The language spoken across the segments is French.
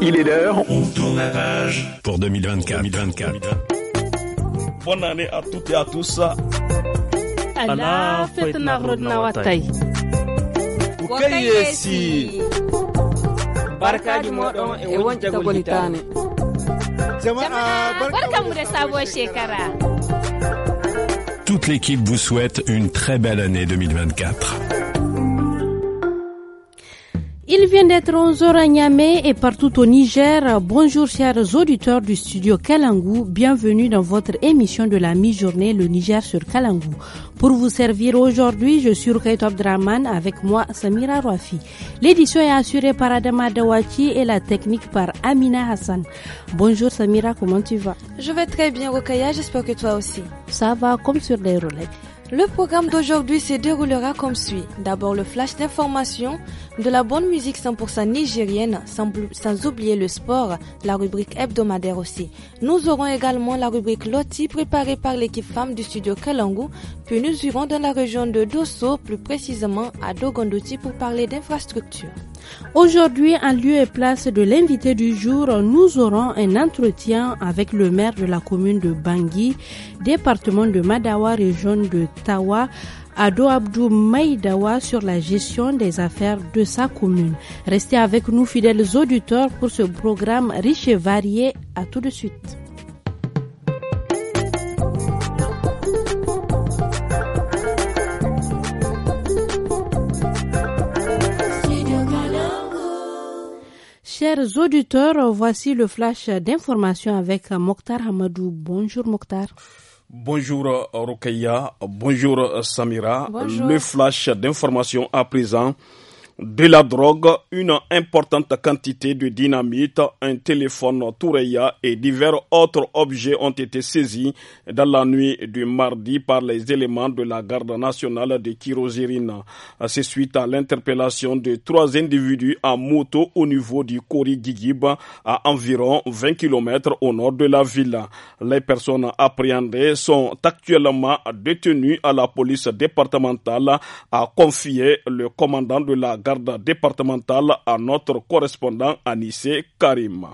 Il est l'heure. On tourne la page pour 2024. 2024. Bonne année à toutes et à tous ala fitna rodna wattay ko kayesi barkaji modon e, e wonjagol golitane jama'a barkamu da sabuwar shekara Toute l'équipe vous souhaite une très belle année 2024 vient d'être 11h à Niamey et partout au Niger. Bonjour chers auditeurs du studio Kalangou. Bienvenue dans votre émission de la mi-journée Le Niger sur Kalangou. Pour vous servir aujourd'hui, je suis Rukaito Draman avec moi Samira Rouafi. L'édition est assurée par Adama Dawati et la technique par Amina Hassan. Bonjour Samira, comment tu vas Je vais très bien Rukaya, j'espère que toi aussi. Ça va comme sur des roulettes. Le programme d'aujourd'hui se déroulera comme suit. D'abord le flash d'information, de la bonne musique 100% nigérienne, sans, oublier le sport, la rubrique hebdomadaire aussi. Nous aurons également la rubrique Loti préparée par l'équipe femme du studio Kalangu, puis nous irons dans la région de Dosso, plus précisément à Dogondoti pour parler d'infrastructures. Aujourd'hui, en lieu et place de l'invité du jour, nous aurons un entretien avec le maire de la commune de Bangui, département de Madawa, région de Tawa, Ado Abdou Maïdawa sur la gestion des affaires de sa commune. Restez avec nous, fidèles auditeurs, pour ce programme riche et varié. À tout de suite. Chers auditeurs, voici le flash d'information avec Mokhtar Hamadou. Bonjour Mokhtar. Bonjour Rokeya bonjour Samira. Le flash d'information à présent de la drogue, une importante quantité de dynamite, un téléphone Toureya et divers autres objets ont été saisis dans la nuit du mardi par les éléments de la garde nationale de Kirozirina. C'est suite à l'interpellation de trois individus en moto au niveau du Kori Gigib à environ 20 km au nord de la ville. Les personnes appréhendées sont actuellement détenues à la police départementale, à confié le commandant de la garde départementale à notre correspondant à Nice, Karim.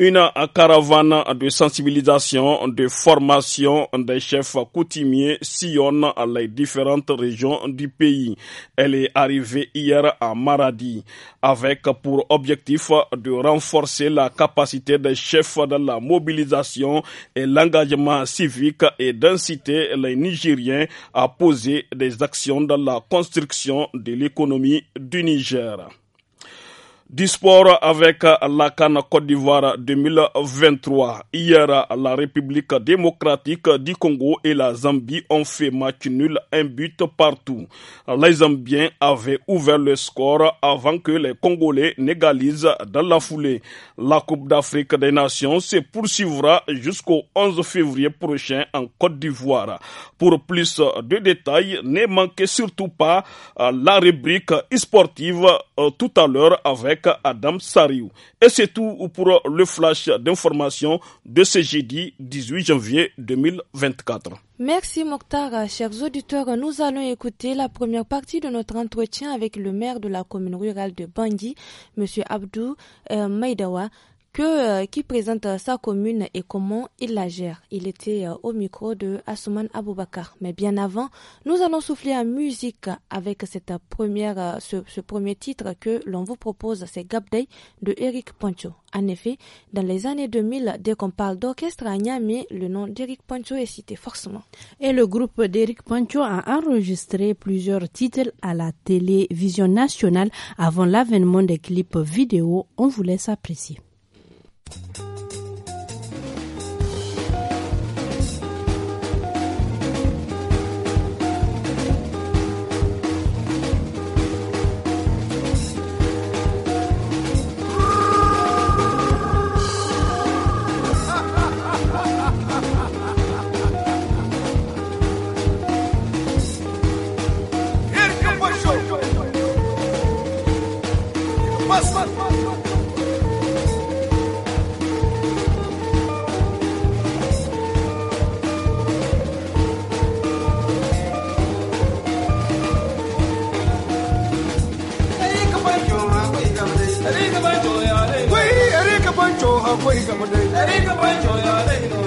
Une caravane de sensibilisation, de formation des chefs coutumiers sillonne les différentes régions du pays. Elle est arrivée hier à Maradi avec pour objectif de renforcer la capacité des chefs de la mobilisation et l'engagement civique et d'inciter les Nigériens à poser des actions dans la construction de l'économie du Niger du avec la Cannes Côte d'Ivoire 2023. Hier, la République démocratique du Congo et la Zambie ont fait match nul, un but partout. Les Zambiens avaient ouvert le score avant que les Congolais n'égalisent dans la foulée. La Coupe d'Afrique des Nations se poursuivra jusqu'au 11 février prochain en Côte d'Ivoire. Pour plus de détails, ne manquez surtout pas la rubrique sportive euh, tout à l'heure avec Adam Sariou. Et c'est tout pour le flash d'information de ce jeudi 18 janvier 2024. Merci Mokhtar. Chers auditeurs, nous allons écouter la première partie de notre entretien avec le maire de la commune rurale de Bangui, M. Abdou euh, Maïdawa. Euh, qui présente euh, sa commune et comment il la gère. Il était euh, au micro de Asuman Aboubakar. Mais bien avant, nous allons souffler en musique avec cette première, ce, premier titre que l'on vous propose, c'est Gabday de Eric Poncho. En effet, dans les années 2000, dès qu'on parle d'orchestre à Niamey, le nom d'Eric Poncho est cité forcément. Et le groupe d'Eric Poncho a enregistré plusieurs titres à la télévision nationale avant l'avènement des clips vidéo. On vous laisse apprécier. Thank you. koy ka mate dari ka pancho ya dai no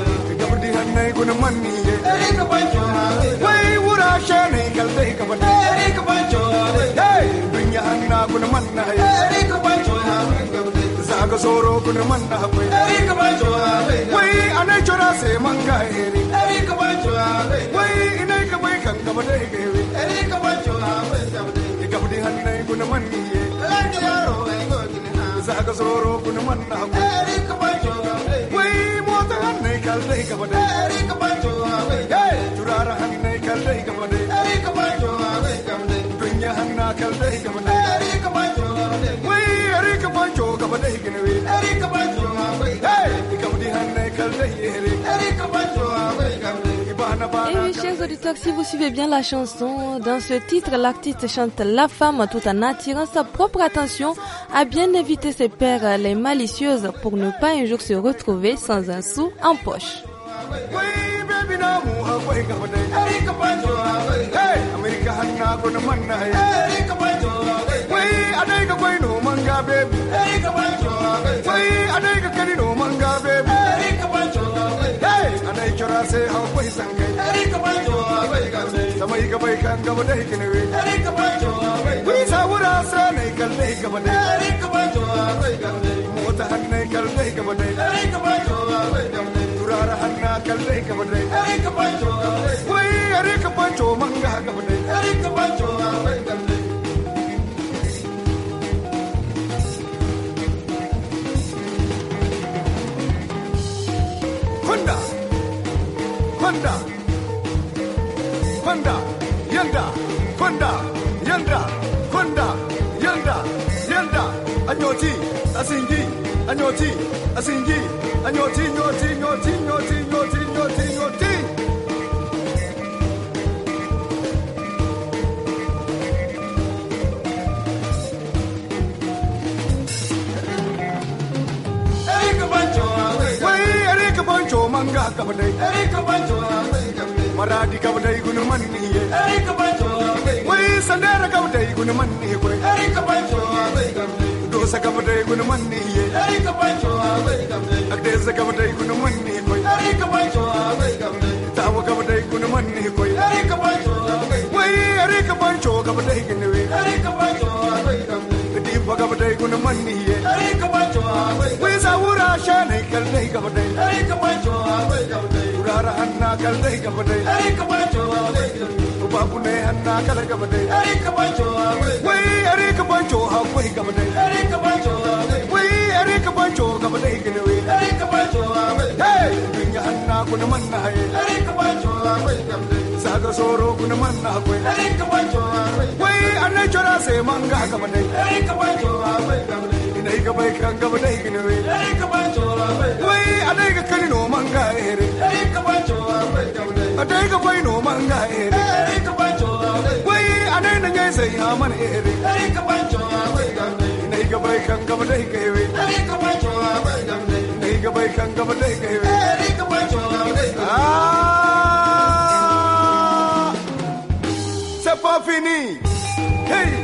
gabdi hanne gun manni ye dari ka pancho ya wai wura shane kal dai ka mate dari ka pancho ya dai dunya anna gun manna ye dari ka pancho ya gabdi zaga soro gun manna pai dari ka pancho ya wai anai chora se manga ye dari ka pancho ya wai inai ka bai kan ka mate ke ka sooro kun man na hamu erika banjo kal dai ka bade erika hey turara hanne kal dai ka bade erika banjo dunya hanna kal dai ka bade erika banjo wai erika banjo gine wai erika hey Et oui, chers auditeurs, si vous suivez bien la chanson, dans ce titre, l'artiste chante la femme tout en attirant sa propre attention à bien éviter ses pères, les malicieuses, pour ne pas un jour se retrouver sans un sou en poche. sai hakwai san kai ari ka bai jowa ka samai ka kan gaba dai ari ka bai jowa bai wi sa nai kal dai gaba ari ka bai jowa bai ka sai kal dai gaba ari ka bai jowa ka turara hak na kal dai gaba ari ka bai jowa wai ari ka manga ari ka ka Panda, Panda, Yanda, Panda, Yanda, Panda, Yanda, Yanda, Anyoti, Asingi, Anyoti, Asingi, Anyoti, Nyoti, Nyoti. ladi ka wadai gunu man ni ye eri ka bai to wuri sandara ka wadai gunu man ni ko eri ka bai to do sa ka wadai gunu man ni ye eri ka to sa man ni ka to man ni ka to wai ka to ka to di ba man ni ye ka to wai sa wura sha ne kal dai ka to bara hanna kal dai gaba dai ai ka ne hanna kal gaba dai ai ka ba cewa wai ai ka ba cewa gaba dai ai ka wai ai ka gaba dai wai ai ka hey hanna ne manna ai ai ka ba cewa dai saga soro ne manna wai ai ka wai chora manga gaba dai ai ka dai C'est ah, pas fini! Hey!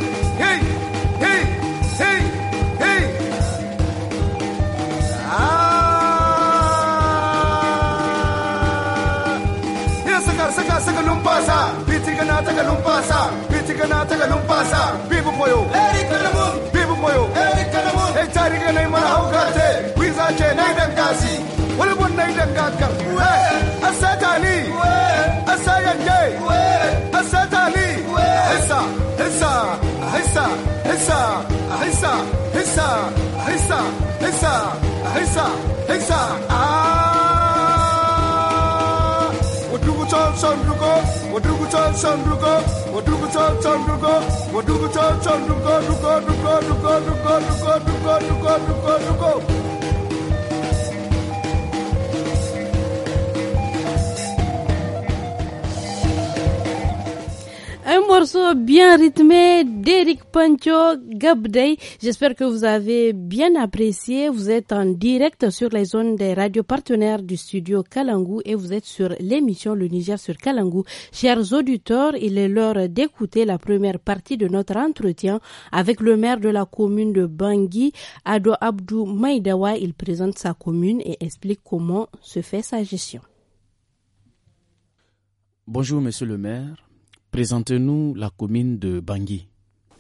lumpasa bitikana taka lumpasa bibu moyo erikanamun bibu moyo erikanamun e tarike nay mara haw karte wiza che nay dan gasi wala bon nay dan gatkar asa tani asa yanje asa tani hissa hissa hissa hissa hissa hissa hissa hissa hissa hissa hissa ah chonduko oduku chon chonduko oduku chon chonduko oduku chon chonduko duko duko duko duko duko duko duko Un morceau bien rythmé d'Eric Pancho Gabday. J'espère que vous avez bien apprécié. Vous êtes en direct sur les zones des radios partenaires du studio Kalangu et vous êtes sur l'émission Le Niger sur Kalangu. Chers auditeurs, il est l'heure d'écouter la première partie de notre entretien avec le maire de la commune de Bangui, Ado Abdou Maïdawa. Il présente sa commune et explique comment se fait sa gestion. Bonjour, monsieur le maire. Présentez-nous la commune de Bangui.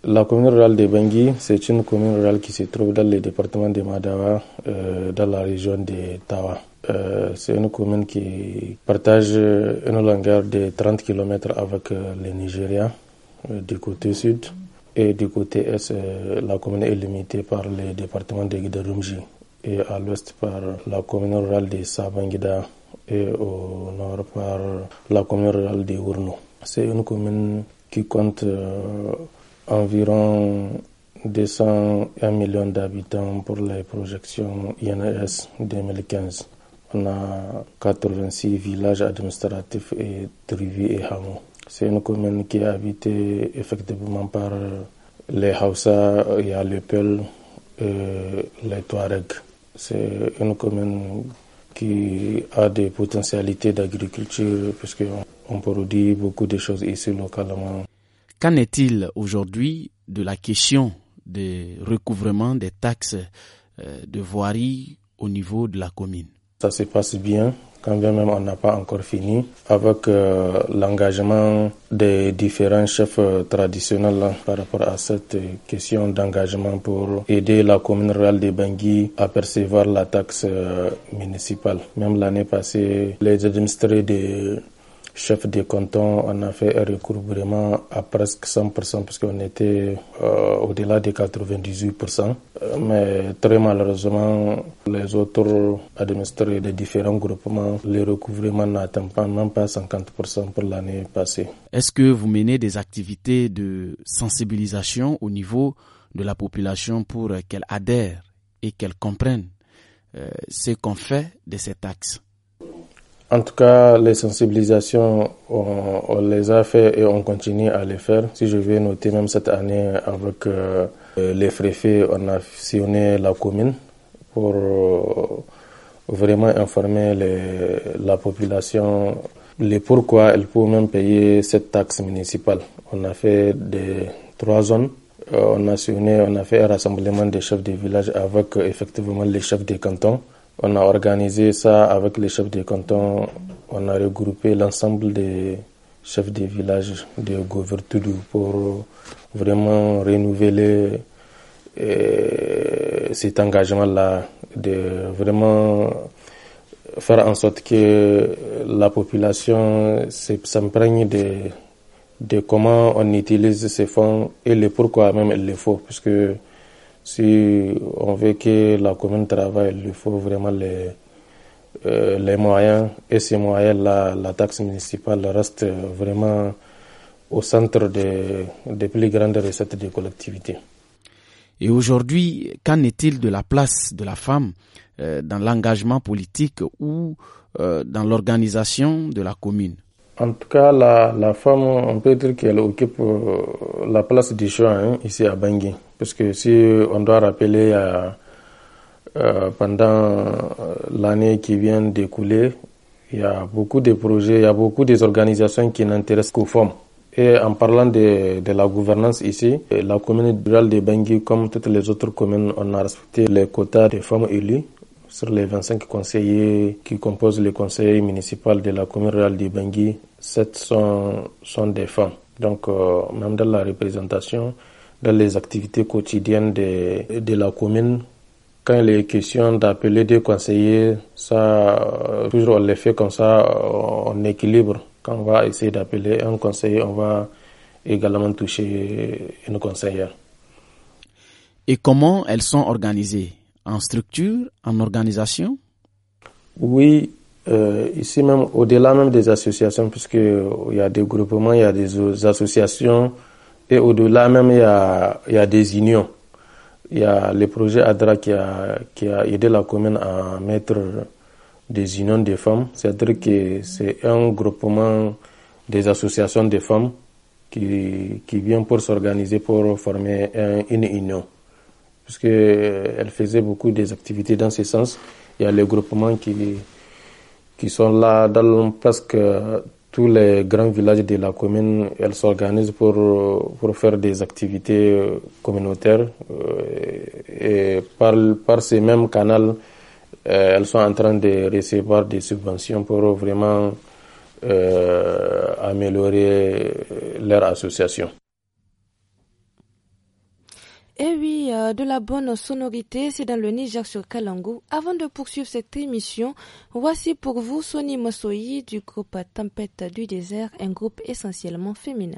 La commune rurale de Bangui, c'est une commune rurale qui se trouve dans le département de Madawa, euh, dans la région de Tawa. Euh, c'est une commune qui partage une longueur de 30 km avec euh, le Nigeria du côté sud et du côté est, la commune est limitée par le département de Rumji et à l'ouest par la commune rurale de Sabangida et au nord par la commune rurale de Ourno. C'est une commune qui compte euh, environ 201 millions d'habitants pour les projections INS 2015. On a 86 villages administratifs et tribus et hameaux. C'est une commune qui est habitée effectivement par euh, les Hausa, euh, il les Peul et les Touaregs. C'est une commune qui a des potentialités d'agriculture puisqu'on on produit beaucoup de choses ici localement. Qu'en est-il aujourd'hui de la question du recouvrement des taxes euh, de voirie au niveau de la commune Ça se passe bien, quand bien même on n'a pas encore fini, avec euh, l'engagement des différents chefs euh, traditionnels hein, par rapport à cette question d'engagement pour aider la commune rurale de Bangui à percevoir la taxe municipale. Même l'année passée, les administrés de chef de canton, on a fait un recouvrement à presque 100% parce qu'on était euh, au-delà des 98%. Euh, mais très malheureusement, les autres administrés des différents groupements, le recouvrement n'atteint pas même pas 50% pour l'année passée. Est-ce que vous menez des activités de sensibilisation au niveau de la population pour qu'elle adhère et qu'elle comprenne euh, ce qu'on fait de cette taxes en tout cas, les sensibilisations, on, les a fait et on continue à les faire. Si je vais noter, même cette année, avec euh, les les faits, on a sillonné la commune pour euh, vraiment informer la population les pourquoi elle peut même payer cette taxe municipale. On a fait des trois zones. Euh, on a sillonné, on a fait un rassemblement des chefs de village avec effectivement les chefs des cantons. On a organisé ça avec les chefs de canton, On a regroupé l'ensemble des chefs des villages de Gouvertoudou pour vraiment renouveler euh, cet engagement-là, de vraiment faire en sorte que la population s'imprègne de, de comment on utilise ces fonds et le pourquoi même il le faut, si on veut que la commune travaille, il faut vraiment les, euh, les moyens. Et ces moyens-là, la taxe municipale reste vraiment au centre des, des plus grandes recettes de collectivités. Et aujourd'hui, qu'en est-il de la place de la femme euh, dans l'engagement politique ou euh, dans l'organisation de la commune en tout cas, la, femme, on peut dire qu'elle occupe euh, la place du choix hein, ici à Bangui. Parce que si on doit rappeler euh, euh, pendant l'année qui vient d'écouler, il y a beaucoup de projets, il y a beaucoup d'organisations qui n'intéressent qu'aux femmes. Et en parlant de, la gouvernance ici, la commune rurale de Bangui, comme toutes les autres communes, on a respecté les quotas des femmes élues. Sur les 25 conseillers qui composent le conseil municipal de la commune rurale de 7 sont, sont, des femmes. Donc, euh, même dans la représentation, dans les activités quotidiennes de, de la commune, quand il est question d'appeler des conseillers, ça, euh, toujours on les fait comme ça, euh, on équilibre. Quand on va essayer d'appeler un conseiller, on va également toucher une conseillère. Et comment elles sont organisées en structure, en organisation Oui, euh, ici même, au-delà même des associations, puisqu'il euh, y a des groupements, il y a des associations, et au-delà même, il y a, y a, des unions. Il y a le projet ADRA qui a, aidé la commune à mettre des unions de femmes, c'est-à-dire que c'est un groupement des associations de femmes qui, qui vient pour s'organiser pour former une union elle faisait beaucoup des activités dans ce sens. Il y a les groupements qui, qui sont là dans presque tous les grands villages de la commune. Elles s'organisent pour, pour faire des activités euh, communautaires euh, et par, par ces mêmes canaux, euh, elles sont en train de recevoir des subventions pour vraiment améliorer leur association. Eh oui, euh, de la bonne sonorité, c'est dans le Niger sur Kalangu. Avant de poursuivre cette émission, voici pour vous Sony Mossoyi du groupe Tempête du désert, un groupe essentiellement féminin.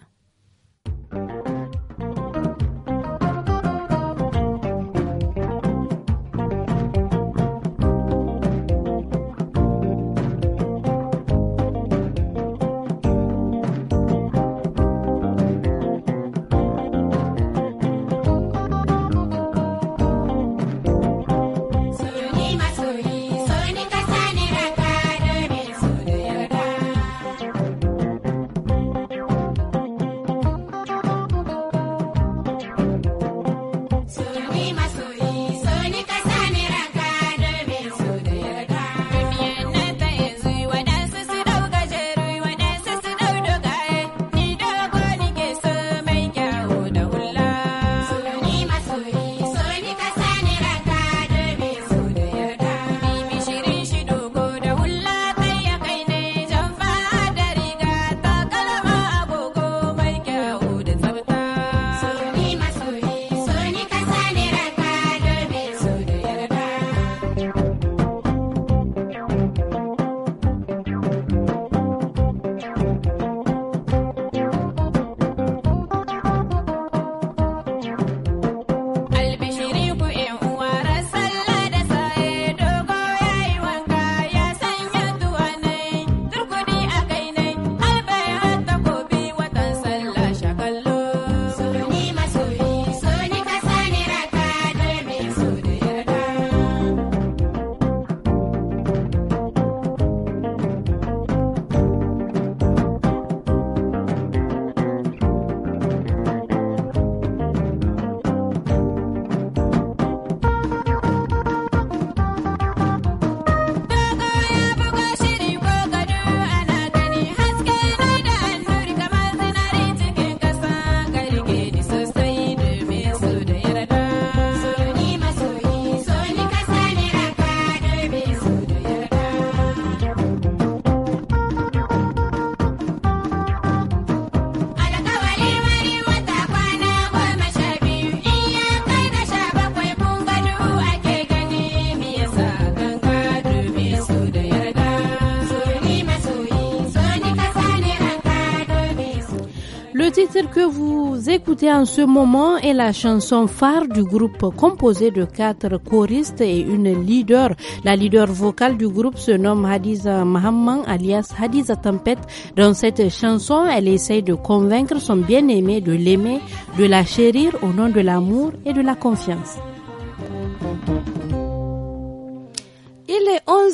que vous écoutez en ce moment est la chanson phare du groupe composé de quatre choristes et une leader. La leader vocale du groupe se nomme Hadiza Mahamman alias Hadiza Tempête. Dans cette chanson, elle essaye de convaincre son bien-aimé de l'aimer, de la chérir au nom de l'amour et de la confiance.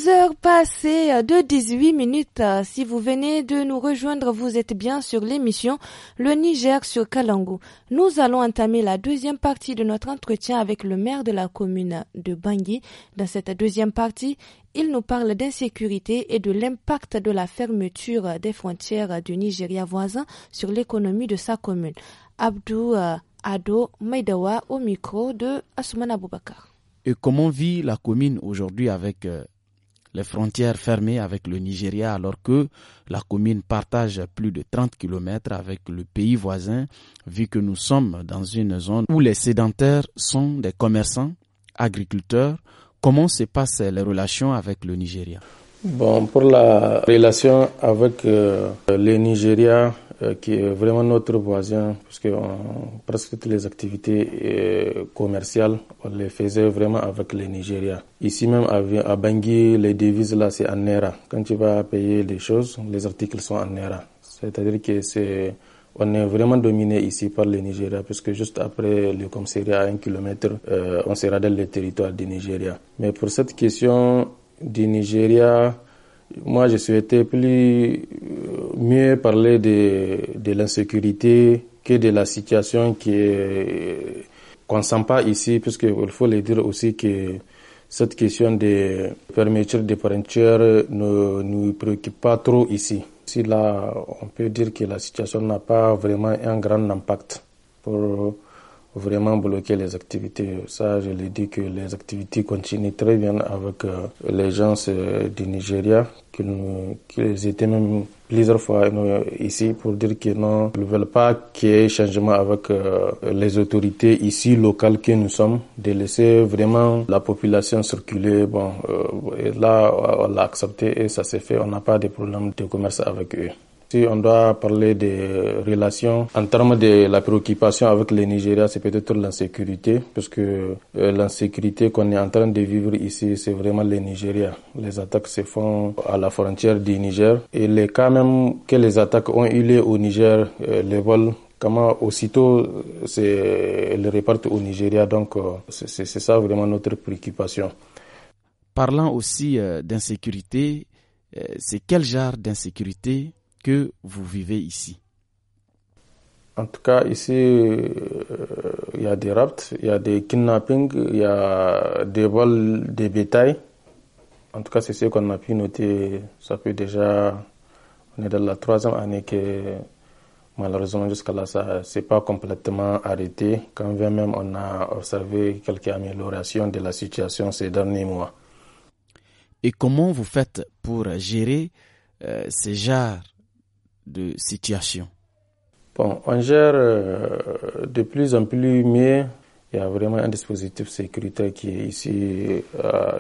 heures passées euh, de 18 minutes. Euh, si vous venez de nous rejoindre, vous êtes bien sur l'émission Le Niger sur Kalangu. Nous allons entamer la deuxième partie de notre entretien avec le maire de la commune de Bangui. Dans cette deuxième partie, il nous parle d'insécurité et de l'impact de la fermeture des frontières du Nigeria voisin sur l'économie de sa commune. Abdou euh, Ado Maidawa au micro de Asumana Aboubakar. Et comment vit la commune aujourd'hui avec les frontières fermées avec le Nigeria alors que la commune partage plus de 30 km avec le pays voisin, vu que nous sommes dans une zone où les sédentaires sont des commerçants, agriculteurs. Comment se passent les relations avec le Nigeria Bon, pour la relation avec euh, le Nigeria, euh, qui est vraiment notre voisin, parce que on, euh, presque toutes les activités euh, commerciales, on les faisait vraiment avec le Nigeria. Ici même à, Bangui, les devises là, c'est en Naira. Quand tu vas payer des choses, les articles sont en Naira. C'est-à-dire que c'est on est vraiment dominé ici par le Nigeria, puisque juste après le commissariat, à un kilomètre, on sera dans le territoire du Nigeria. Mais pour cette question du Nigeria, moi, je souhaitais plus euh, mieux parler de, de l'insécurité que de la situation qui est sent pas ici, puisque il faut le dire aussi que cette question de fermeture des frontières ne nous préoccupe pas trop ici. Ici, là, on peut dire que la situation n'a pas vraiment un grand impact pour vraiment bloquer les activités. Ça, je l'ai dit que les activités continuent très bien avec euh, les gens euh, du Nigeria, qu'ils étaient même plusieurs fois euh, ici pour dire que non, ne veulent pas qu'il y ait changement avec les autorités ici locales que nous sommes, de laisser vraiment la population circuler. Bon, là, on l'a accepté et ça s'est fait. On n'a pas de problème de commerce avec eux. Si on doit parler des relations, en termes de la préoccupation avec le Nigeria, c'est peut-être l'insécurité, parce que euh, l'insécurité qu'on est en train de vivre ici, c'est vraiment le Nigeria. Les attaques se font à la frontière du Niger. Et les cas même que les attaques ont eu lieu au Niger, euh, les vols comment aussitôt c'est repartent au Nigeria. Donc euh, c'est ça vraiment notre préoccupation. Parlant aussi d'insécurité, c'est quel genre d'insécurité que vous vivez ici En tout cas, ici, euh, il y a des rapts, il y a des kidnappings, il y a des vols de bétail. En tout cas, c'est ce qu'on a pu noter. Ça fait déjà, on est dans la troisième année que malheureusement jusqu'à là, ça s'est pas complètement arrêté. Quand même on a observé quelques améliorations de la situation ces derniers mois. Et comment vous faites pour gérer euh, ces genres de situation Bon, on gère euh, de plus en plus mieux. Il y a vraiment un dispositif sécuritaire qui est ici à, euh,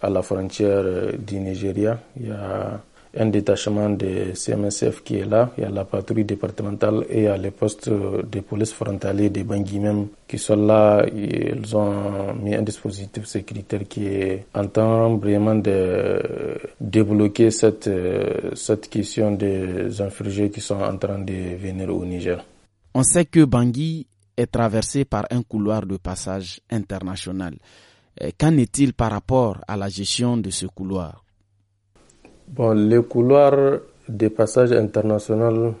à la frontière du Nigeria. Il y a un détachement de CMSF qui est là, il y a la patrouille départementale et il y a les postes de police frontaliers de Bangui même qui sont là. Ils ont mis un dispositif sécuritaire qui est en train vraiment de débloquer cette, cette question des infirmiers qui sont en train de venir au Niger. On sait que Bangui est traversé par un couloir de passage international. Euh, qu'en est-il par rapport à la gestion de ce couloir Bon, les couloirs des passages internationaux,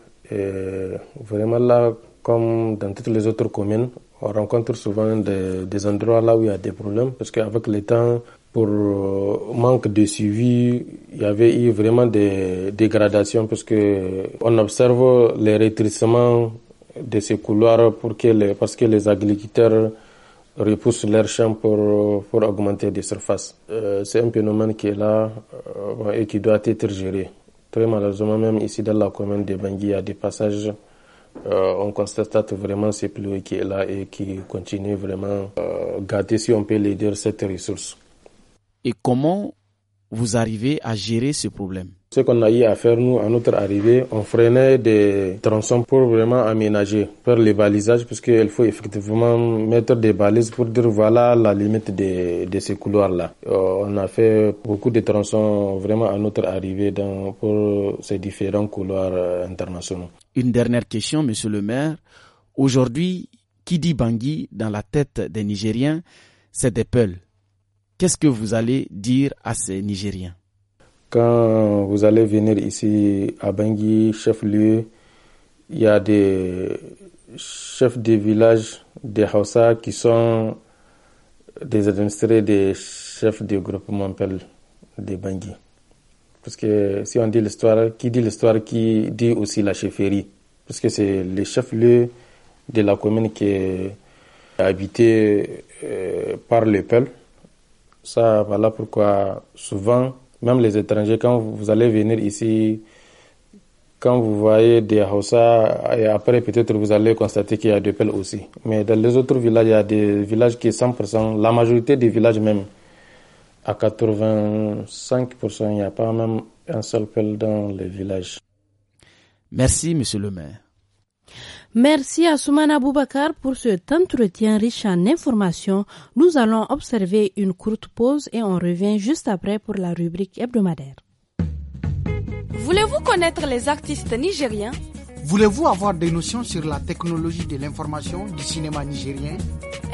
vraiment là, comme dans toutes les autres communes, on rencontre souvent des, des endroits là où il y a des problèmes, parce qu'avec le temps, pour euh, manque de suivi, il y avait eu vraiment des dégradations, parce que on observe les rétrécissements de ces couloirs pour parce que les agriculteurs repoussent leurs champs pour, augmenter des surfaces. Euh, c'est un phénomène qui est là euh, et qui doit être géré. Très malheureusement, même ici dans la commune de Bangui, il y a des passages, euh, on constate vraiment ces pluies qui est là et qui continue vraiment à gâter, si on peut les dire, cette ressource. Et comment vous arrivez à gérer ce problème ce qu'on a eu à faire, nous, à notre arrivée, on freinait des tronçons pour vraiment aménager, faire les balisages, puisqu'il faut effectivement mettre des balises pour dire voilà la limite de, de ces couloirs-là. Euh, on a fait beaucoup de tronçons vraiment à notre arrivée dans, pour ces différents couloirs euh, internationaux. Une dernière question, monsieur le maire. Aujourd'hui, qui dit Bangui dans la tête des Nigériens, c'est des peuls. Qu'est-ce que vous allez dire à ces Nigériens quand vous allez venir ici à Bangui, chef-lieu, il y a des chefs de village des Hausa qui sont des administrés des chefs du groupement de Bangui. Parce que si on dit l'histoire, qui dit l'histoire, qui dit aussi la chefferie. Parce que c'est le chef-lieu de la commune qui est habité euh, par le peuple. Ça, voilà pourquoi souvent même les étrangers, quand vous allez venir ici, quand vous voyez des Hausa, et après peut-être vous allez constater qu'il y a des Pelles aussi. Mais dans les autres villages, il y a des villages qui sont 100%, la majorité des villages même, à 85%, il n'y a pas même un seul Pelle dans les villages. Merci, monsieur le maire. Merci à Soumana Boubakar pour cet entretien riche en informations. Nous allons observer une courte pause et on revient juste après pour la rubrique hebdomadaire. Voulez-vous connaître les artistes nigériens Voulez-vous avoir des notions sur la technologie de l'information du cinéma nigérien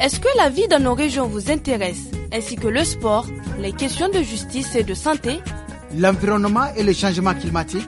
Est-ce que la vie dans nos régions vous intéresse, ainsi que le sport, les questions de justice et de santé L'environnement et le changement climatique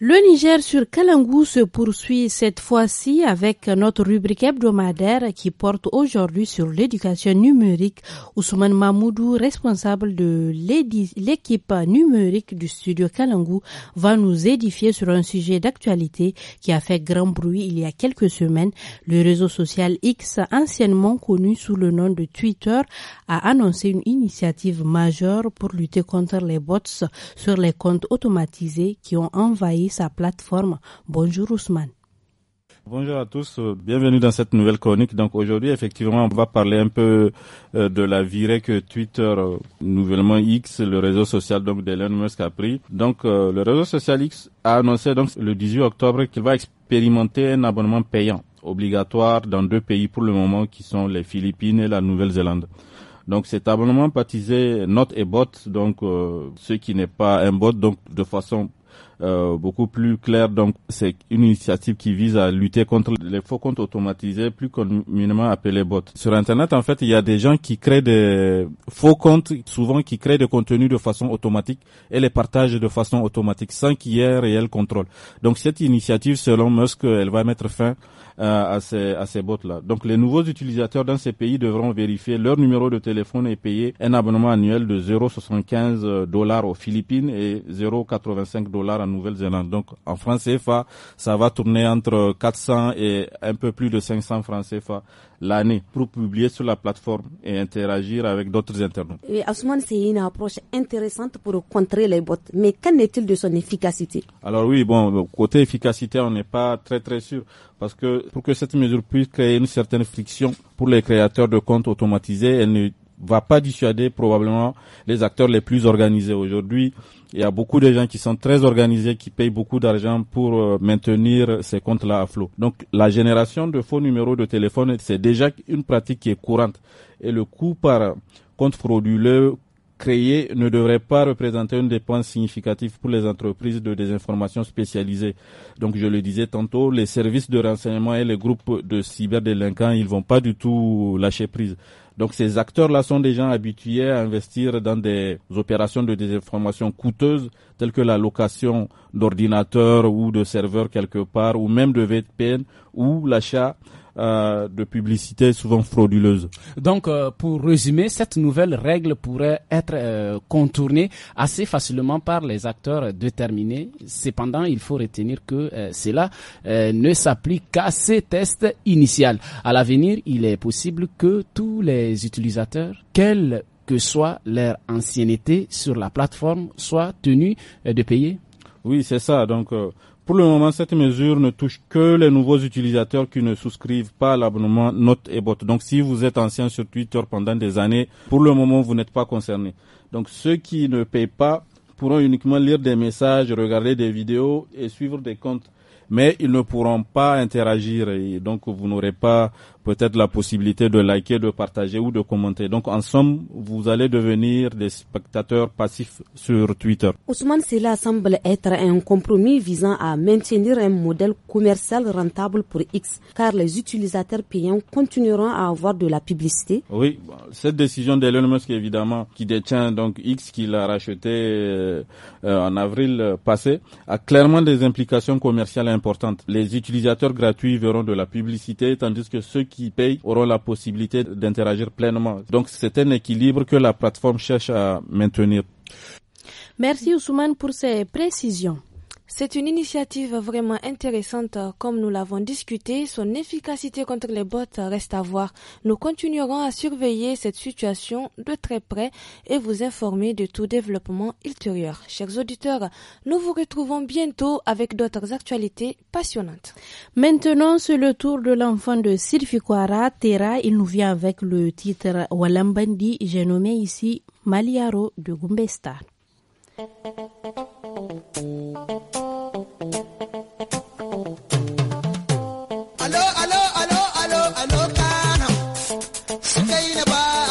Le Niger sur Kalangou se poursuit cette fois-ci avec notre rubrique hebdomadaire qui porte aujourd'hui sur l'éducation numérique. Ousmane Mamoudou, responsable de l'équipe numérique du studio Kalangou, va nous édifier sur un sujet d'actualité qui a fait grand bruit il y a quelques semaines. Le réseau social X, anciennement connu sous le nom de Twitter, a annoncé une initiative majeure pour lutter contre les bots sur les comptes automatisés qui ont envahi sa plateforme. Bonjour Ousmane. Bonjour à tous, bienvenue dans cette nouvelle chronique. Donc aujourd'hui, effectivement, on va parler un peu euh, de la virée que Twitter, euh, nouvellement X, le réseau social donc d'Elon Musk a pris. Donc euh, le réseau social X a annoncé donc le 18 octobre qu'il va expérimenter un abonnement payant obligatoire dans deux pays pour le moment qui sont les Philippines et la Nouvelle-Zélande. Donc cet abonnement baptisé Not et Bot, donc ce qui n'est pas un bot, donc de façon euh, beaucoup plus clair. Donc, c'est une initiative qui vise à lutter contre les faux comptes automatisés, plus communément appelés bots. Sur Internet, en fait, il y a des gens qui créent des faux comptes, souvent qui créent des contenus de façon automatique et les partagent de façon automatique sans qu'il y ait réel contrôle. Donc, cette initiative, selon Musk, elle va mettre fin euh, à ces, à ces bottes là Donc les nouveaux utilisateurs dans ces pays devront vérifier leur numéro de téléphone et payer un abonnement annuel de 0,75 euh, dollars aux Philippines et 0,85 dollars en Nouvelle-Zélande. Donc en francs CFA, ça va tourner entre 400 et un peu plus de 500 francs CFA l'année pour publier sur la plateforme et interagir avec d'autres internautes. Oui, c'est une approche intéressante pour contrer les bots. Mais qu'en est-il de son efficacité Alors oui, bon, côté efficacité, on n'est pas très très sûr parce que pour que cette mesure puisse créer une certaine friction pour les créateurs de comptes automatisés, elle ne va pas dissuader probablement les acteurs les plus organisés aujourd'hui. Il y a beaucoup de gens qui sont très organisés, qui payent beaucoup d'argent pour euh, maintenir ces comptes-là à flot. Donc la génération de faux numéros de téléphone, c'est déjà une pratique qui est courante. Et le coût par compte frauduleux créé ne devrait pas représenter une dépense significative pour les entreprises de désinformation spécialisées. Donc, je le disais tantôt, les services de renseignement et les groupes de cyberdélinquants, ils vont pas du tout lâcher prise. Donc ces acteurs-là sont des gens habitués à investir dans des opérations de désinformation coûteuses telles que la location d'ordinateurs ou de serveurs quelque part ou même de VPN ou l'achat euh, de publicité souvent frauduleuse. Donc, euh, pour résumer, cette nouvelle règle pourrait être euh, contournée assez facilement par les acteurs déterminés. Cependant, il faut retenir que cela ne s'applique qu'à ces tests initiaux. À l'avenir, il est possible que tous les utilisateurs, quelle que soit leur ancienneté sur la plateforme, soient tenus de payer. Oui, c'est ça. Donc, pour le moment, cette mesure ne touche que les nouveaux utilisateurs qui ne souscrivent pas à l'abonnement Note et Bot. Donc, si vous êtes ancien sur Twitter pendant des années, pour le moment, vous n'êtes pas concerné. Donc, ceux qui ne payent pas pourront uniquement lire des messages, regarder des vidéos et suivre des comptes mais ils ne pourront pas interagir et donc vous n'aurez pas peut-être la possibilité de liker, de partager ou de commenter. Donc en somme, vous allez devenir des spectateurs passifs sur Twitter. Ousmane, cela semble être un compromis visant à maintenir un modèle commercial rentable pour X, car les utilisateurs payants continueront à avoir de la publicité. Oui, cette décision d'Elon Musk, évidemment, qui détient donc X, qu'il a racheté euh, euh, en avril passé, a clairement des implications commerciales importantes. Les utilisateurs gratuits verront de la publicité, tandis que ceux qui qui payent auront la possibilité d'interagir pleinement. Donc c'est un équilibre que la plateforme cherche à maintenir. Merci Ousmane pour ces précisions. C'est une initiative vraiment intéressante. Comme nous l'avons discuté, son efficacité contre les bottes reste à voir. Nous continuerons à surveiller cette situation de très près et vous informer de tout développement ultérieur. Chers auditeurs, nous vous retrouvons bientôt avec d'autres actualités passionnantes. Maintenant, c'est le tour de l'enfant de Kwara Terra. Il nous vient avec le titre Walambandi, j'ai nommé ici Maliaro de Gumbesta. Alo, alo, alo, alo, alo, kana, su yi na ba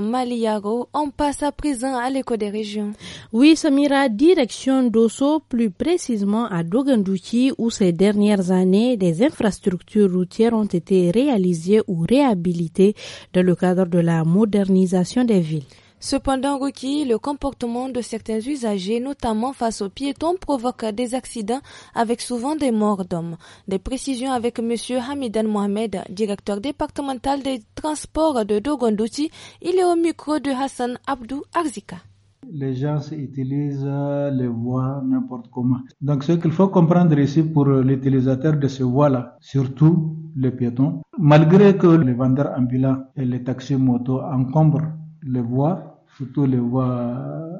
Maliago, on passe à présent à l'écho des régions. Oui, Samira, direction d'Osso, plus précisément à Dogandouchi, où ces dernières années, des infrastructures routières ont été réalisées ou réhabilitées dans le cadre de la modernisation des villes. Cependant, Ruki, le comportement de certains usagers, notamment face aux piétons, provoque des accidents avec souvent des morts d'hommes. Des précisions avec M. Hamidan Mohamed, directeur départemental des transports de Dogondouti. Il est au micro de Hassan Abdou Arzika les gens utilisent les voies n'importe comment. Donc ce qu'il faut comprendre ici pour l'utilisateur de ces voies-là, surtout les piétons, malgré que les vendeurs ambulants et les taxis motos encombrent les voies, surtout les voies euh,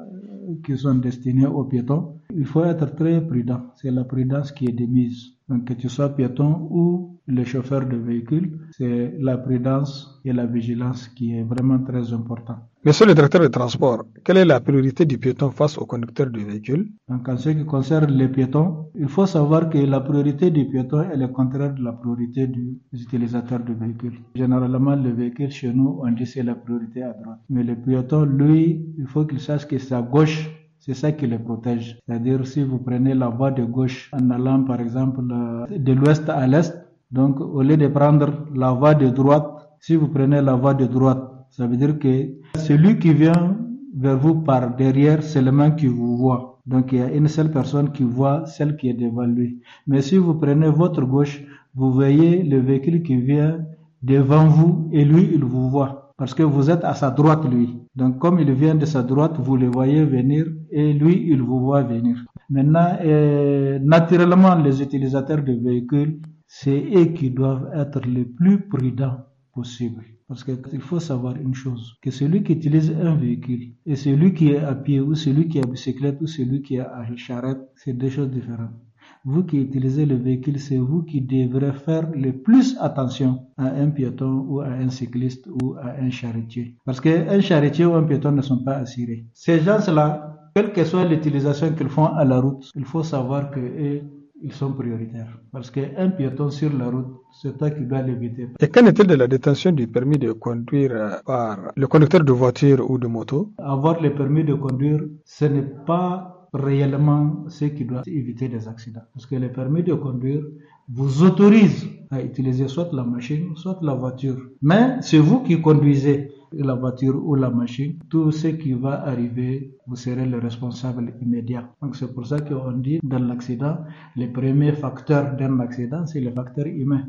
qui sont destinées aux piétons, il faut être très prudent. C'est la prudence qui est démise. Donc que tu sois piéton ou le chauffeur de véhicule, c'est la prudence et la vigilance qui est vraiment très importante. Monsieur le directeur des transports, quelle est la priorité du piéton face au conducteur de véhicule en ce qui concerne les piétons, il faut savoir que la priorité du piéton est le contraire de la priorité du utilisateurs de véhicule. Généralement, le véhicule chez nous, on dit c'est la priorité à droite. Mais le piéton, lui, il faut qu'il sache que c'est à gauche c'est ça qui le protège. C'est-à-dire si vous prenez la voie de gauche en allant par exemple euh, de l'ouest à l'est, donc au lieu de prendre la voie de droite, si vous prenez la voie de droite, ça veut dire que celui qui vient vers vous par derrière, c'est le main qui vous voit. Donc il y a une seule personne qui voit celle qui est devant lui. Mais si vous prenez votre gauche, vous voyez le véhicule qui vient devant vous et lui, il vous voit. Parce que vous êtes à sa droite, lui. Donc comme il vient de sa droite, vous le voyez venir et lui, il vous voit venir. Maintenant, euh, naturellement, les utilisateurs de véhicules, c'est eux qui doivent être les plus prudents possibles. Parce qu'il faut savoir une chose, que celui qui utilise un véhicule et celui qui est à pied ou celui qui est à bicyclette ou celui qui est à charrette, c'est deux choses différentes. Vous qui utilisez le véhicule, c'est vous qui devrez faire le plus attention à un piéton ou à un cycliste ou à un charretier. Parce qu'un charretier ou un piéton ne sont pas assurés. Ces gens-là, quelle que soit l'utilisation qu'ils font à la route, il faut savoir que... ils sont prioritaires. Parce qu'un piéton sur la route, c'est toi qui doit l'éviter. Et qu'en est-il de la détention du permis de conduire par le conducteur de voiture ou de moto Avoir le permis de conduire, ce n'est pas réellement ce qui doit éviter des accidents. Parce que le permis de conduire vous autorise à utiliser soit la machine, soit la voiture. Mais c'est vous qui conduisez la voiture ou la machine, tout ce qui va arriver, vous serez le responsable immédiat. Donc c'est pour ça qu'on dit dans l'accident, le premier facteur d'un accident, c'est le facteur humain.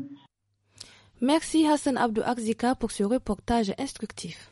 Merci Hassan Abdou Akzika pour ce reportage instructif.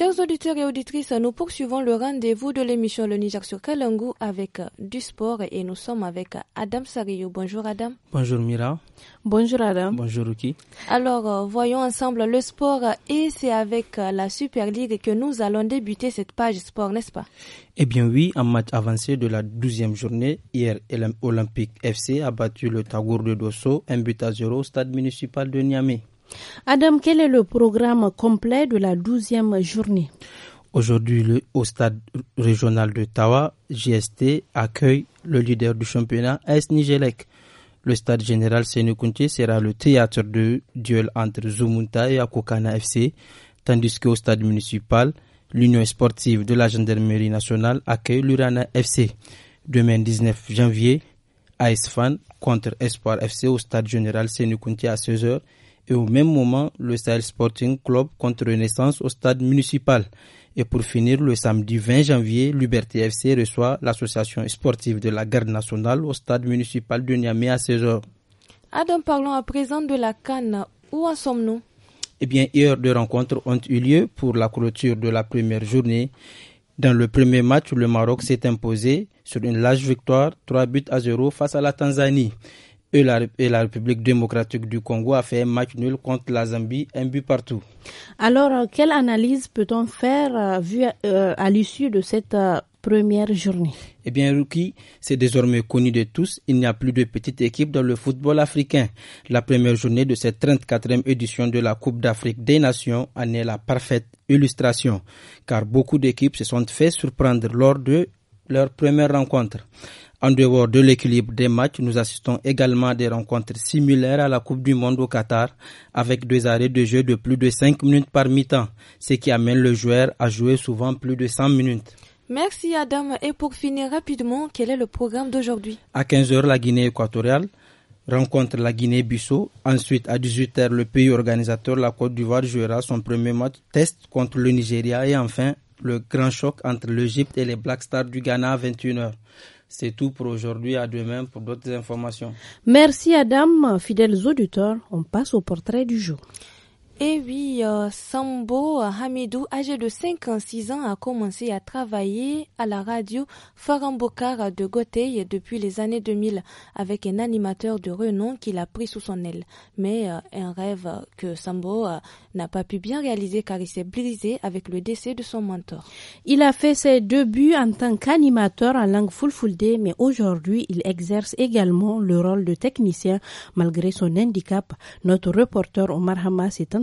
Chers auditeurs et auditrices, nous poursuivons le rendez-vous de l'émission Le Niger sur Kalangou avec euh, du sport et nous sommes avec euh, Adam Sariou. Bonjour Adam. Bonjour Mira. Bonjour Adam. Bonjour Ruki. Alors, euh, voyons ensemble le sport et c'est avec la Super League que nous allons débuter cette page sport, n'est-ce pas Eh bien oui, un match avancé de la douzième journée, hier, Olympique FC a battu le Tagour de Dosso, un but à zéro au stade municipal de Niamey. Adam, quel est le programme complet de la douzième journée Aujourd'hui, au stade régional de Tawa, GST accueille le leader du championnat, S. Nigelec. Le stade général Senoukounti sera le théâtre de duel entre Zumunta et Akokana FC, tandis qu'au stade municipal, l'Union sportive de la gendarmerie nationale accueille l'Urana FC. Demain 19 janvier, AS Fan contre Espoir FC au stade général Senoukounti à 16h et au même moment le Sahel Sporting Club contre Renaissance au stade municipal. Et pour finir, le samedi 20 janvier, l'UBERTFC FC reçoit l'association sportive de la garde nationale au stade municipal de Niamey à 16h. Ah, Adam, parlons à présent de la Cannes. Où en sommes-nous Eh bien, hier, de rencontres ont eu lieu pour la clôture de la première journée. Dans le premier match, le Maroc s'est imposé sur une large victoire, 3 buts à 0 face à la Tanzanie et la, et la, République démocratique du Congo a fait un match nul contre la Zambie, un but partout. Alors, euh, quelle analyse peut-on faire euh, vu euh, à l'issue de cette première journée Eh bien, Rookie, c'est désormais connu de tous, il n'y a plus de petite équipe dans le football africain. La première journée de cette 34e édition de la Coupe d'Afrique des Nations en est la parfaite illustration, car beaucoup d'équipes se sont fait surprendre lors de leur première rencontre. En dehors de l'équilibre des matchs, nous assistons également à des rencontres similaires à la Coupe du Monde au Qatar, avec deux arrêts de jeu de plus de 5 minutes par mi-temps, ce qui amène le joueur à jouer souvent plus de 100 minutes. Merci Adam. Et pour finir rapidement, quel est le programme d'aujourd'hui À 15h, la Guinée équatoriale rencontre la Guinée-Bissau. Ensuite, à 18h, le pays organisateur, la Côte d'Ivoire, jouera son premier match test contre le Nigeria. Et enfin, le grand choc entre l'Égypte et les Black Stars du Ghana à 21h. C'est tout pour aujourd'hui. À demain pour d'autres informations. Merci Adam. Fidèles auditeurs, on passe au portrait du jour. Et eh oui, euh, Sambo Hamidou, âgé de 56 ans, a commencé à travailler à la radio Farambokar de Gotei depuis les années 2000 avec un animateur de renom qu'il a pris sous son aile. Mais euh, un rêve que Sambo euh, n'a pas pu bien réaliser car il s'est brisé avec le décès de son mentor. Il a fait ses débuts en tant qu'animateur en langue fulfulde, mais aujourd'hui il exerce également le rôle de technicien malgré son handicap. Notre reporter Omar Hamas est en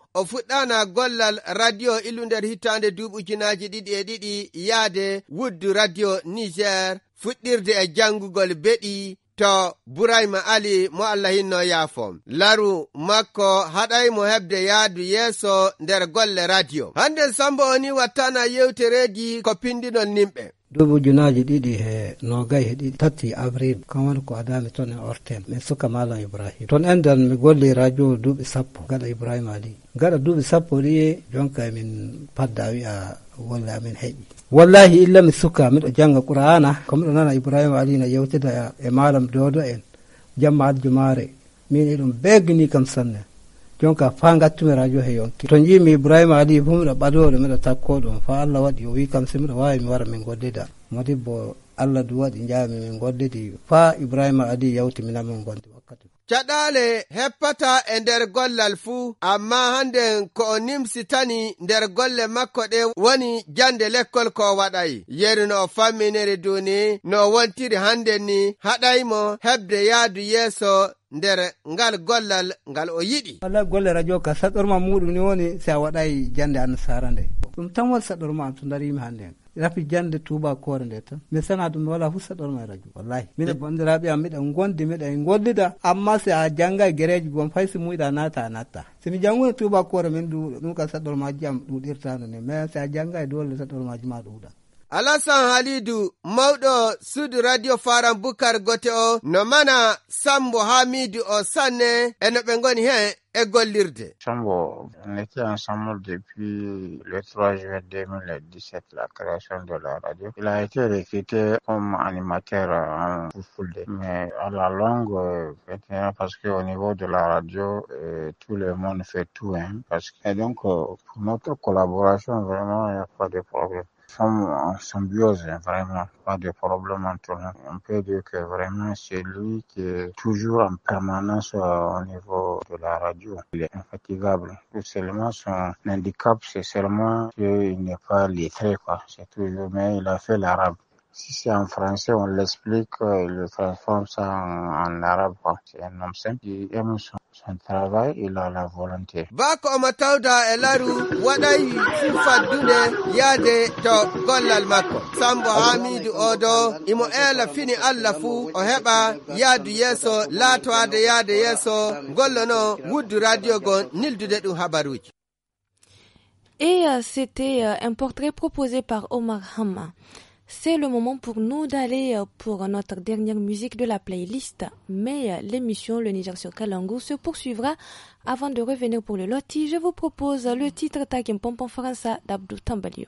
o fuɗɗana gollal radio ilu nder hitande duɓujinaji ɗiɗi e ɗiɗi yaade wuddu radio niger fuɗɗirde e janngugol beɗi to burayma ali mo allah hinno yaafom laru makko haɗay mo heɓde yahdu yeeso nder golle radio hande sambo oni wattana yewtereji ko pindinol nimɓe duuɓi ujunaji ɗiɗi e nogayi e ɗiɗi tati avril kan woni ko adami toon e orten min suka malam ibrahima toon enden mi golli radio duuɓi sappo gaɗa ibrahima ali gaɗa duuɓi sappo ɗi jonka e min padda wi'a golle amin heƴƴi wallahi illa mi suka miɗo janga qur'ana ko miɗo nana ibrahima alina yewtida e malam dodo en jamma aljumare min eɗum begni kam sanne jonka fa gattumi radio he yonki to jimi ibrahima ali fo miɗo ɓadoɗo miɗo takko ɗum fa allah waɗi o wi kam si miɗo wawi mi wara min goddida modibbo allah du waɗi jami min goddidi fa ibrahima ali yawti minamin gondi caɗale heppata e nder gollal fuu amma hannden ko o nimsitani nder golle makko ɗe woni jannde lekkol ko waɗay yeru no o famminiri duni no wontiri hannden ni haɗaymo heɓde yahdu yeeso nder ngal gollal ngal o yiɗi wallay golle radio ka saɗorma muɗum ni woni si a waɗay jannde annasara nde ɗum tan won saɗorma am to ndar yimi hannden rafi rafijande tuba koore nde tan mi sana ɗum wala fu saɗorma e radio wallahi mine eh. bandiraɓe am miɗen gondi miɗen gollida amma si a janga e guereji gon fay si muyɗa naata a natta simi jannguna tuba koore min ɗum ka saɗormaji am ɗuɗirtano ni mais si a janga e dole saɗormaji ma ɗuɗa alasan halidu mawɗo sud radio faran bukar gote o no mana sambo hamidu o sanne e no ɓe goni hen et on était ensemble depuis le 3 juin 2017, la création de la radio. Il a été recruté comme animateur en mais à la longue, euh, parce qu'au niveau de la radio, euh, tout le monde fait tout. Hein, parce que, et donc, euh, pour notre collaboration, vraiment, il n'y a pas de problème en symbiose, vraiment, pas de problème entre On peut dire que vraiment c'est lui qui est toujours en permanence euh, au niveau de la radio. Il est infatigable. Tout seulement son handicap, c'est seulement qu'il n'est pas lettré, quoi. C'est toujours, mais il a fait l'arabe. Si c'est en français, on l'explique, euh, il le transforme ça en, arabe, C'est un homme simple son travail, il a la volonté. Bako matawda e laru waɗayi faddude to gollal makko. Sambo Hamidu Odo imo eela fini Allah fuu o yesso, la yeeso de yade yesso, gollono wuddu radio gon nildude ɗum habaruji. Et euh, c'était euh, un portrait proposé par Omar Hamma. C'est le moment pour nous d'aller euh, pour notre dernière musique de la playlist. Mais euh, l'émission Le Niger sur Kalango se poursuivra. Avant de revenir pour le loti, je vous propose le titre Takim Pompon Faransa d'Abdou Tambalio.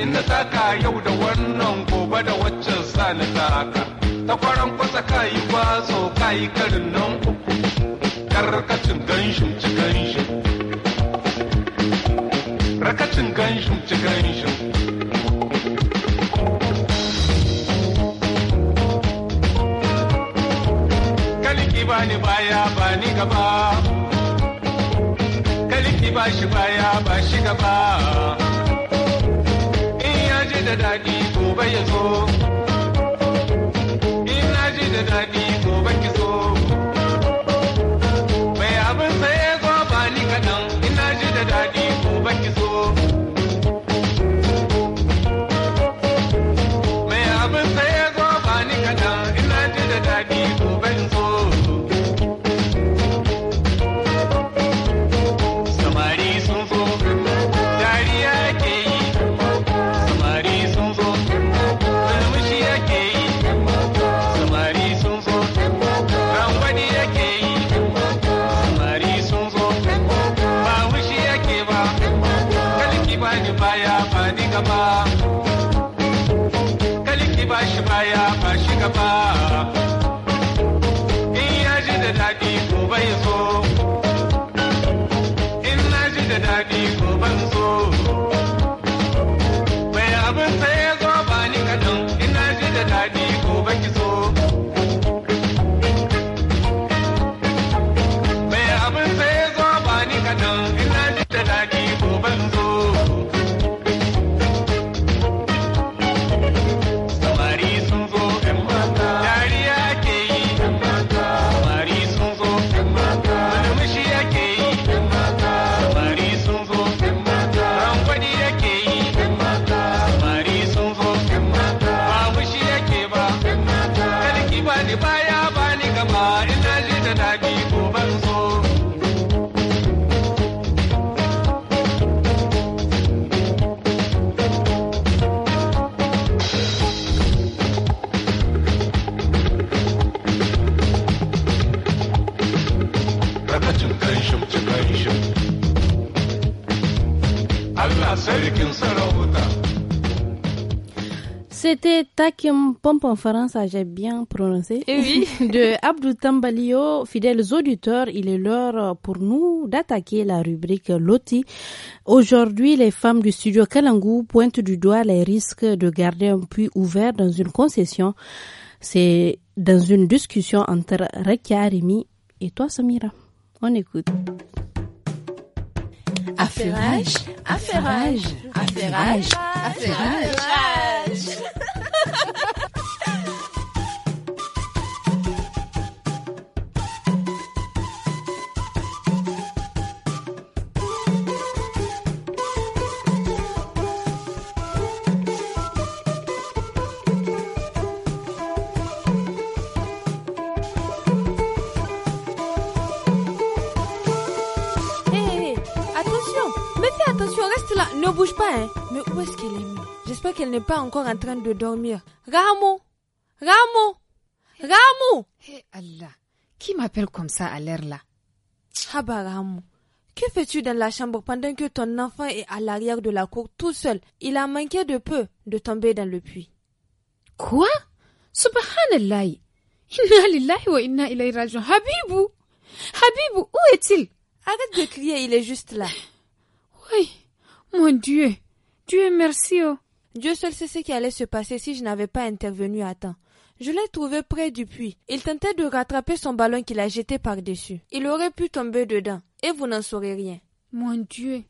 in na taka yau da wannan gobe da waccan sa na taka ta kwaran kwasa ka yi kwazo ka yi karin nan uku karkacin ganshin ci ganshin rakacin ganshin ci ganshin bani baya ba ni gaba kaliki ba shi baya ba shi gaba bai ya zo in na Kim Pompe en j'ai bien prononcé. Eh oui. de Abdou Tambalio, fidèles auditeurs, il est l'heure pour nous d'attaquer la rubrique Loti. Aujourd'hui, les femmes du studio Kalangu pointent du doigt les risques de garder un puits ouvert dans une concession. C'est dans une discussion entre Rekia Arimi et toi, Samira. On écoute. Affairage, affairage, affairage, affairage. Attention, mais fais attention, reste là, ne bouge pas, hein. Mais où est-ce qu'elle est J'espère qu'elle n'est pas encore en train de dormir. Ramo Ramo Ramo Hé Allah Qui m'appelle comme ça à l'air là Habba ah Que fais-tu dans la chambre pendant que ton enfant est à l'arrière de la cour tout seul Il a manqué de peu de tomber dans le puits. Quoi Subhanallah Inna lillahi wa inna ilayhi Habibou Habibou, où est-il Arrête de crier, il est juste là. Oui, mon Dieu. Dieu merci. Oh. Dieu seul sait ce qui allait se passer si je n'avais pas intervenu à temps. Je l'ai trouvé près du puits. Il tentait de rattraper son ballon qu'il a jeté par-dessus. Il aurait pu tomber dedans, et vous n'en saurez rien. Mon Dieu,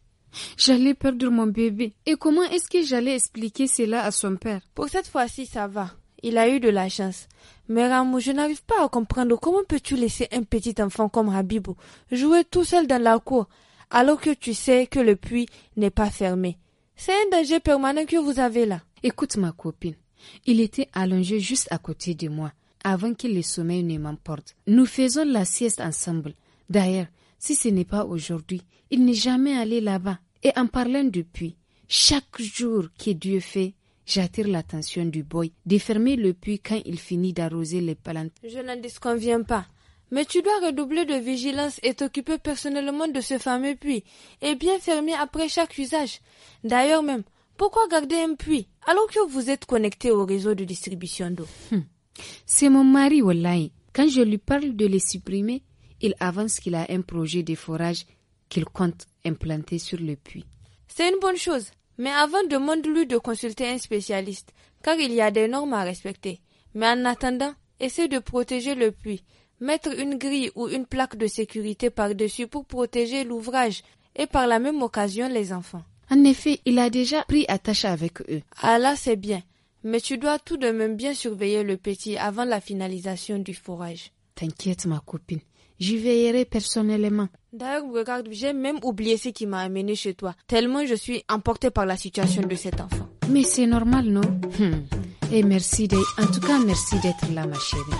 J'allais perdre mon bébé. Et comment est-ce que j'allais expliquer cela à son père Pour cette fois-ci, ça va. Il a eu de la chance. Mais Ramou, je n'arrive pas à comprendre comment peux-tu laisser un petit enfant comme Habibou jouer tout seul dans la cour alors que tu sais que le puits n'est pas fermé. C'est un danger permanent que vous avez là. Écoute ma copine, il était allongé juste à côté de moi, avant que le sommeil ne m'emporte. Nous faisons la sieste ensemble. D'ailleurs, si ce n'est pas aujourd'hui, il n'est jamais allé là-bas. Et en parlant depuis, chaque jour que Dieu fait, j'attire l'attention du boy de fermer le puits quand il finit d'arroser les plantes. Je n'en disconviens pas. Mais tu dois redoubler de vigilance et t'occuper personnellement de ce fameux puits, et bien fermer après chaque usage. D'ailleurs même, pourquoi garder un puits alors que vous êtes connecté au réseau de distribution d'eau hmm. C'est mon mari, Wallahi. Quand je lui parle de les supprimer, il avance qu'il a un projet de forage qu'il compte implanter sur le puits. C'est une bonne chose, mais avant demande-lui de consulter un spécialiste, car il y a des normes à respecter. Mais en attendant, essaie de protéger le puits mettre une grille ou une plaque de sécurité par-dessus pour protéger l'ouvrage et par la même occasion les enfants. En effet, il a déjà pris attache avec eux. Ah là, c'est bien. Mais tu dois tout de même bien surveiller le petit avant la finalisation du forage. T'inquiète, ma copine. J'y veillerai personnellement. D'ailleurs, regarde, j'ai même oublié ce qui m'a amené chez toi, tellement je suis emportée par la situation de cet enfant. Mais c'est normal, non hmm. Et eh, merci En tout cas, merci d'être là, ma chérie.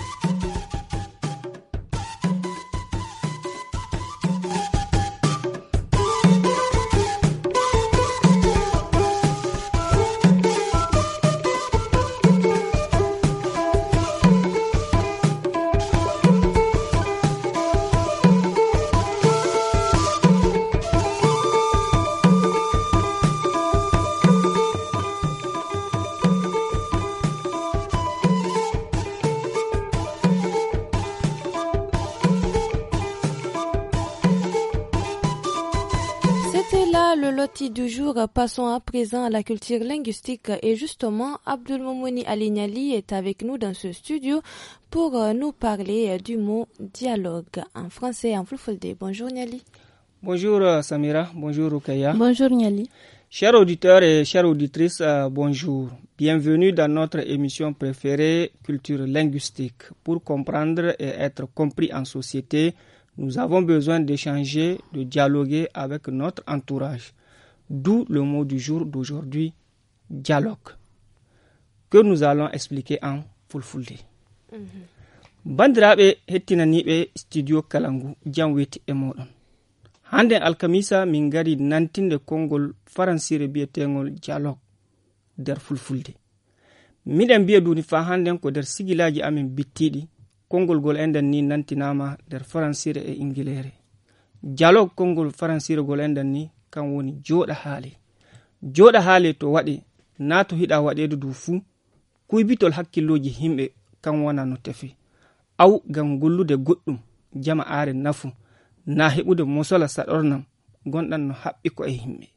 passons à présent à la culture linguistique et justement, Ali Alignali est avec nous dans ce studio pour euh, nous parler euh, du mot dialogue en français en fulfulde. Bonjour Niali. Bonjour euh, Samira, bonjour Rukaya. Bonjour Niali. Chers auditeurs et chères auditrices, bonjour. Bienvenue dans notre émission préférée Culture linguistique. Pour comprendre et être compris en société, nous avons besoin d'échanger, de dialoguer avec notre entourage. D'où le mot du jour d'aujourd'hui, dialogue, que nous allons expliquer en fulfulde. Bandrabe -hmm. bandiraɓe studio kalangu jam weti e modon. hande alkamisa min gari nantinde konngol faransire biyetegol dialogue der fulfulde miɗen mbiya duni fa hande ko der sigilaji amin bitidi kongol gol enden ni nantinama der faransire e ingilere dialogue konngol faransire gol enden ni kam woni joɗa haale joɗa haale to waɗe na to hiɗa waɗede du fuu kuybitol hakkilloji himɓe kam wona no tefe au gam gollude goɗɗum jama are nafu na heɓude mosola saɗornam gonɗan no haɓɓi ko e himɓe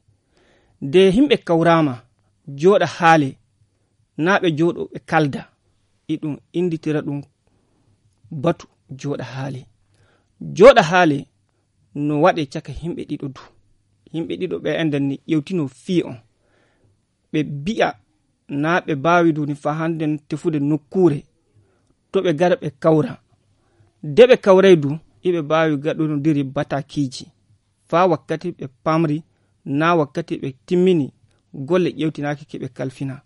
de himɓe kawrama joɗa haale na ɓe joɗo ɓe kalda iɗum e inditira ɗum batu joɗa haale joɗa haale no waɗe caka himɓe ɗiɗo du yimɓe ɗiɗo ɓe enden ni ƴewtino fi on ɓe bi'a na ɓe mbawi duni fa handen tefude nokkure to ɓe gara ɓe kawra de ɓe kawray du iɓe mbawi gaɗunodiri batakiji fa wakkati ɓe pamri na wakkati ɓe timmini golle ƴewtinaki keɓe kalfina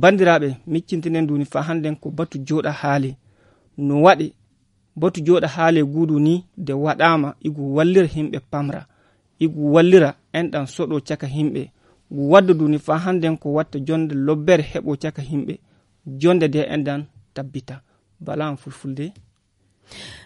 bandiraɓe miccintinen duni fa handen ko batu joɗa haali no waɗi batu joɗa haali gudu ni de waɗama igu wallira himɓe pamra wallira enɗan soɗo caka himɓe wadda duni fa handen ko watta jonde lobbere heɓo caka jonde de enɗan tabbita balan fulfulde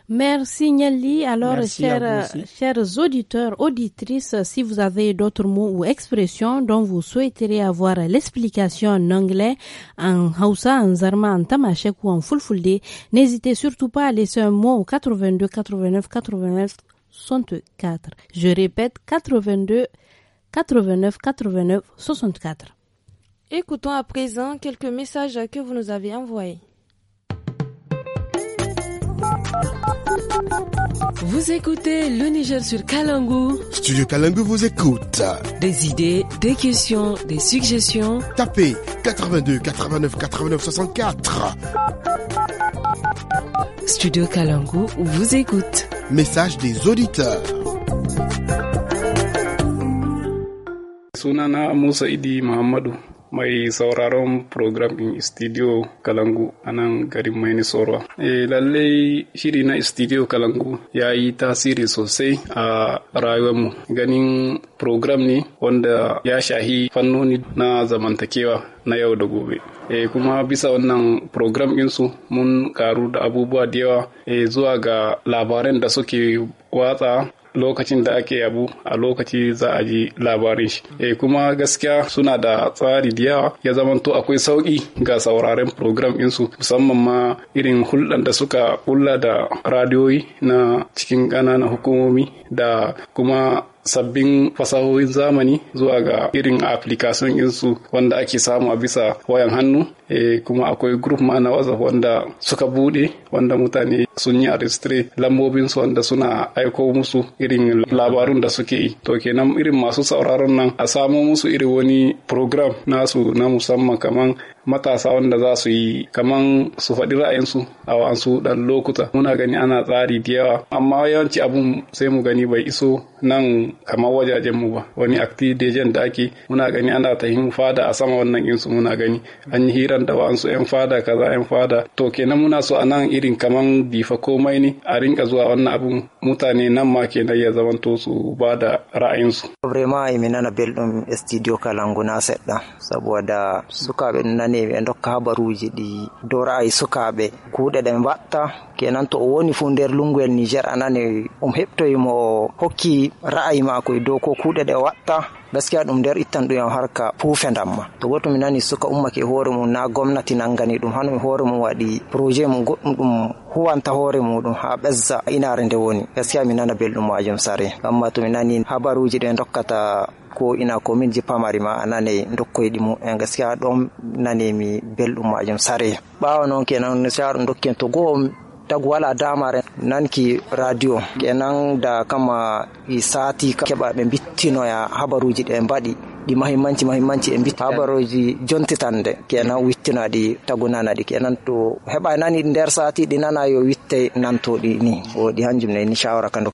Merci Nelly. Alors, chers, chers auditeurs, auditrices, si vous avez d'autres mots ou expressions dont vous souhaiterez avoir l'explication en anglais, en Hausa, en Zarma, en Tamashek ou en Fulfulde, n'hésitez surtout pas à laisser un mot au 82 89 89 64. Je répète, 82 89 89 64. Écoutons à présent quelques messages que vous nous avez envoyés. Vous écoutez le Niger sur Kalangu. Studio Kalangu vous écoute. Des idées, des questions, des suggestions. Tapez 82 89 89 64. Studio Kalangu vous écoute. Message des auditeurs. Sunana Musa Idi mai sauraron program in studio kalangu a nan garin mai nisorwa e, eh, lallai shiri na studio kalangu ya yi tasiri sosai a rayuwarmu ganin program ne wanda ya shahi fannoni na zamantakewa na yau da gobe e, kuma bisa wannan program insu mun karu da abubuwa da yawa e, zuwa ga labaran da suke watsa lokacin da ake yabu a lokaci za a ji labarin shi eh kuma gaskiya suna da tsari da yawa ya zamanto akwai sauƙi ga sauraren program insu musamman ma irin hulɗan da suka kulla da radiyoyi na cikin ƙananan hukumomi da kuma sabbin fasahohin zamani zuwa ga irin application insu wanda ake samu a bisa wayan hannu e, kuma akwai group ma na wanda suka bude wanda mutane sun yi a lambobin su wanda suna aiko musu irin labarun da suke yi to kenan irin masu sauraron nan a samo musu irin wani program nasu na musamman kaman matasa wanda za su yi kaman su faɗi ra'ayinsu a wa'ansu ɗan lokuta muna gani ana tsari da yawa amma yawanci abun sai mu gani bai iso nan kamar wajajen mu ba wani activision da ake muna gani ana yin fada a sama wannan insu muna gani an yi hiran da wa'ansu yan fada kaza yan fada to kenan muna so a nan irin kaman difa komai ne a rinka zuwa wannan abun mutane nan ma kenan ya zamanto su ba da ra'ayinsu. Vraiment, Imina na Belɗum Studio Kalangu na Sedda, saboda suka nan ni ɓe dokka habaruji ɗi dora e sukaɓe kuuɗe ɗe mbatta kenan to o woni fu nder lunguyel niger anani um heɓtoyimo hokki ra'ayi mako e dow ko kuuɗe ɗe watta gaskiya ɗum nder ittan ɗum yam harka puufe ndamma to goto mi nani suka ummake e hoore mum na gomnati nangani ɗum hano e hoore mum waɗi projet mum goɗɗum ɗum huwanta hoore muɗum ha ɓezza inare nde woni gaskiya mi nana belɗum majum sare amma to mi nani habaruji ɗe dokkata ko ina komin jippa mari ma anane dokkoyɗi mum en gaskiya ɗon nanimi belɗum majum sare ɓawa noon kenan sa ɗum dokken to goho tagu wala damare nanki radio kenan da kama i sati keɓa ɓe bittinoya habaruji ɗe mbaɗi ɗi mahimmanci mahimmanci e bitta habaruji jontitande kenan wittinaɗi tagu nanaɗi kenan to heɓa nani nder sati ɗi nana yo witte nantoɗi ni o ɗi hanjum ne ni shawara kando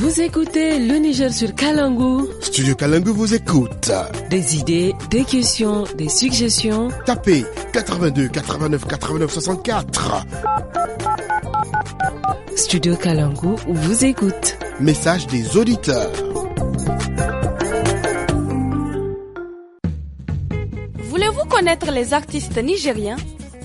Vous écoutez le Niger sur Kalangu. Studio Kalangu vous écoute. Des idées, des questions, des suggestions. Tapez 82 89 89 64. Studio Kalangu vous écoute. Message des auditeurs. Voulez-vous connaître les artistes nigériens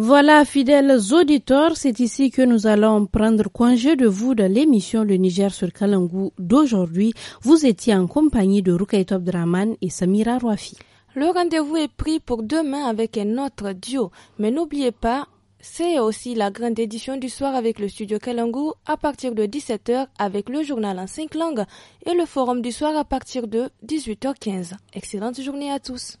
Voilà, fidèles auditeurs, c'est ici que nous allons prendre congé de vous de l'émission Le Niger sur Kalangou d'aujourd'hui. Vous étiez en compagnie de Rukaito Draman et Samira Rouafi. Le rendez-vous est pris pour demain avec un autre duo, mais n'oubliez pas, c'est aussi la grande édition du soir avec le studio Kalangou à partir de 17h avec le journal en 5 langues et le forum du soir à partir de 18h15. Excellente journée à tous.